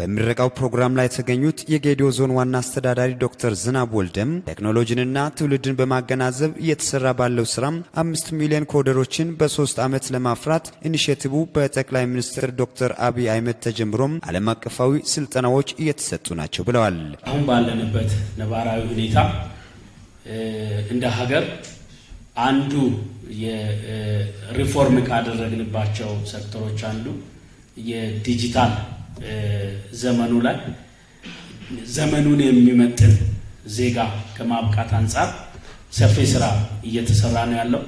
በምረቃው ፕሮግራም ላይ የተገኙት የጌዲዮ ዞን ዋና አስተዳዳሪ ዶክተር ዝናብ ወልደም ቴክኖሎጂንና ትውልድን በማገናዘብ እየተሰራ ባለው ስራም አምስት ሚሊዮን ኮደሮችን በሶስት ዓመት ለማፍራት ኢኒሽቲቭ በጠቅላይ ሚኒስትር ዶክተር አብይ አህመድ ተጀምሮም ዓለም አቀፋዊ ስልጠናዎች እየተሰጡ ናቸው ብለዋል። አሁን ባለንበት ነባራዊ ሁኔታ እንደ ሀገር አንዱ የሪፎርም ካደረግንባቸው ሴክተሮች አንዱ የዲጂታል ዘመኑ ላይ ዘመኑን የሚመጥን ዜጋ ከማብቃት አንጻር ሰፊ ስራ እየተሰራ ነው ያለው።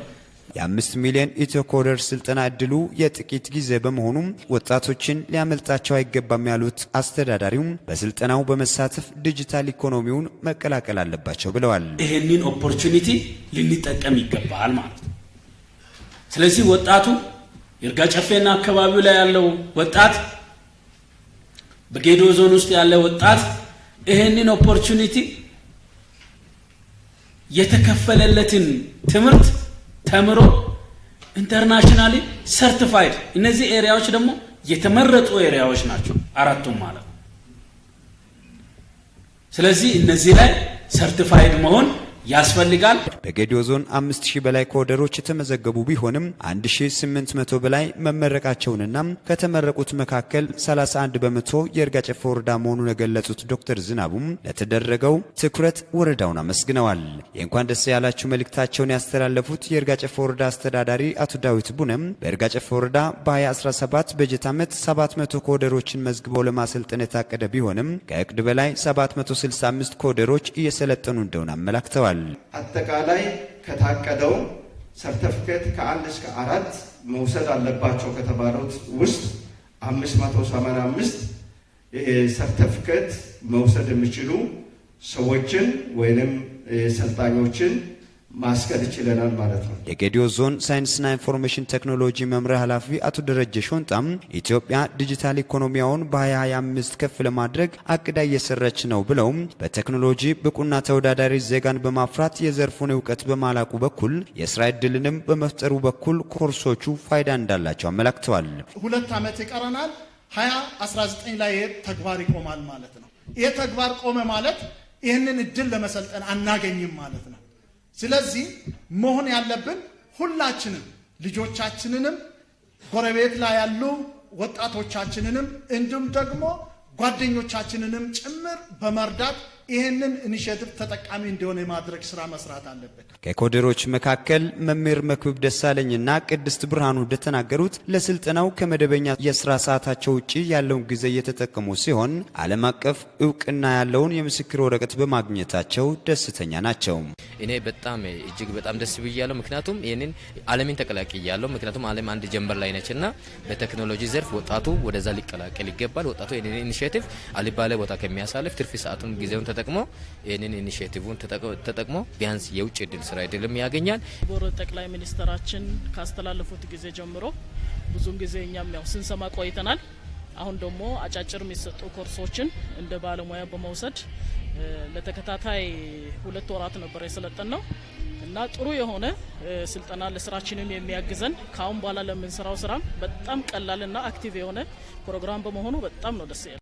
የአምስት ሚሊዮን ኢትዮ ኮደር ስልጠና እድሉ የጥቂት ጊዜ በመሆኑም ወጣቶችን ሊያመልጣቸው አይገባም ያሉት አስተዳዳሪውም በስልጠናው በመሳተፍ ዲጂታል ኢኮኖሚውን መቀላቀል አለባቸው ብለዋል። ይህንን ኦፖርቹኒቲ ልንጠቀም ይገባል ማለት ነው። ስለዚህ ወጣቱ ይርጋ ጨፌና አካባቢው ላይ ያለው ወጣት በጌዶ ዞን ውስጥ ያለ ወጣት ይህንን ኦፖርቹኒቲ የተከፈለለትን ትምህርት ተምሮ ኢንተርናሽናሊ ሰርቲፋይድ። እነዚህ ኤሪያዎች ደግሞ የተመረጡ ኤሪያዎች ናቸው፣ አራቱም ማለት ነው። ስለዚህ እነዚህ ላይ ሰርቲፋይድ መሆን ያስፈልጋል። በጌዲዮ ዞን አምስት በላይ ኮደሮች የተመዘገቡ ቢሆንም 1800 በላይ መመረቃቸውንና ከተመረቁት መካከል 31 በመቶ የእርጋ ጨፌ ወረዳ መሆኑን የገለጹት ዶክተር ዝናቡም ለተደረገው ትኩረት ወረዳውን አመስግነዋል። የእንኳን ደስ ያላችሁ መልእክታቸውን ያስተላለፉት የእርጋ ጨፌ ወረዳ አስተዳዳሪ አቶ ዳዊት ቡነም በእርጋ ወረዳ በ2017 በጀት ዓመት 700 ኮደሮችን መዝግበው ለማሰልጠን የታቀደ ቢሆንም ከእቅድ በላይ 765 ኮደሮች እየሰለጠኑ እንደሆነ አመላክተዋል። ተደርጓል። አጠቃላይ ከታቀደው ሰርተፍኬት ከአንድ እስከ አራት መውሰድ አለባቸው ከተባሉት ውስጥ 585 ሰርተፍኬት መውሰድ የሚችሉ ሰዎችን ወይንም ሰልጣኞችን ማስቀል ይችለናል ማለት ነው። የጌዲዮ ዞን ሳይንስና ኢንፎርሜሽን ቴክኖሎጂ መምሪያ ኃላፊ አቶ ደረጀ ሾንጣም ኢትዮጵያ ዲጂታል ኢኮኖሚያውን በ2025 ከፍ ለማድረግ አቅዳ እየሰረች ነው ብለውም በቴክኖሎጂ ብቁና ተወዳዳሪ ዜጋን በማፍራት የዘርፉን እውቀት በማላቁ በኩል የስራ እድልንም በመፍጠሩ በኩል ኮርሶቹ ፋይዳ እንዳላቸው አመላክተዋል። ሁለት ዓመት ይቀረናል። 2019 ላይ ተግባር ይቆማል ማለት ነው። ይህ ተግባር ቆመ ማለት ይህንን እድል ለመሰልጠን አናገኝም ማለት ነው። ስለዚህ መሆን ያለብን ሁላችንም ልጆቻችንንም ጎረቤት ላይ ያሉ ወጣቶቻችንንም እንዲሁም ደግሞ ጓደኞቻችንንም ጭምር በመርዳት ይህንን ኢኒሽቲቭ ተጠቃሚ እንዲሆን የማድረግ ስራ መስራት አለብን። ከኮደሮች መካከል መምህር መክብብ ደሳለኝና ቅድስት ብርሃኑ እንደተናገሩት ለስልጠናው ከመደበኛ የስራ ሰዓታቸው ውጭ ያለውን ጊዜ እየተጠቀሙ ሲሆን ዓለም አቀፍ እውቅና ያለውን የምስክር ወረቀት በማግኘታቸው ደስተኛ ናቸው። እኔ በጣም እጅግ በጣም ደስ ብያለሁ። ምክንያቱም ይህንን ዓለምን ተቀላቅያለሁ። ምክንያቱም ዓለም አንድ ጀንበር ላይ ነች እና በቴክኖሎጂ ዘርፍ ወጣቱ ወደዛ ሊቀላቀል ይገባል። ወጣቱ ይህንን ኢኒሽቲቭ አልባሌ ቦታ ከሚያሳልፍ ትርፍ ሰዓቱን ጊዜውን ተጠቅሞ ይህንን ኢኒሽቲቭን ተጠቅሞ ቢያንስ የውጭ እድል ስራ እድልም ያገኛል። ቦር ጠቅላይ ሚኒስትራችን ካስተላለፉት ጊዜ ጀምሮ ብዙም ጊዜ እኛም ያው ስንሰማ ቆይተናል። አሁን ደግሞ አጫጭር የሚሰጡ ኮርሶችን እንደ ባለሙያ በመውሰድ ለተከታታይ ሁለት ወራት ነበር የሰለጠን ነው እና ጥሩ የሆነ ስልጠና ለስራችንም የሚያግዘን ከአሁን በኋላ ለምንሰራው ስራም በጣም ቀላልና አክቲቭ የሆነ ፕሮግራም በመሆኑ በጣም ነው ደስ ያለ።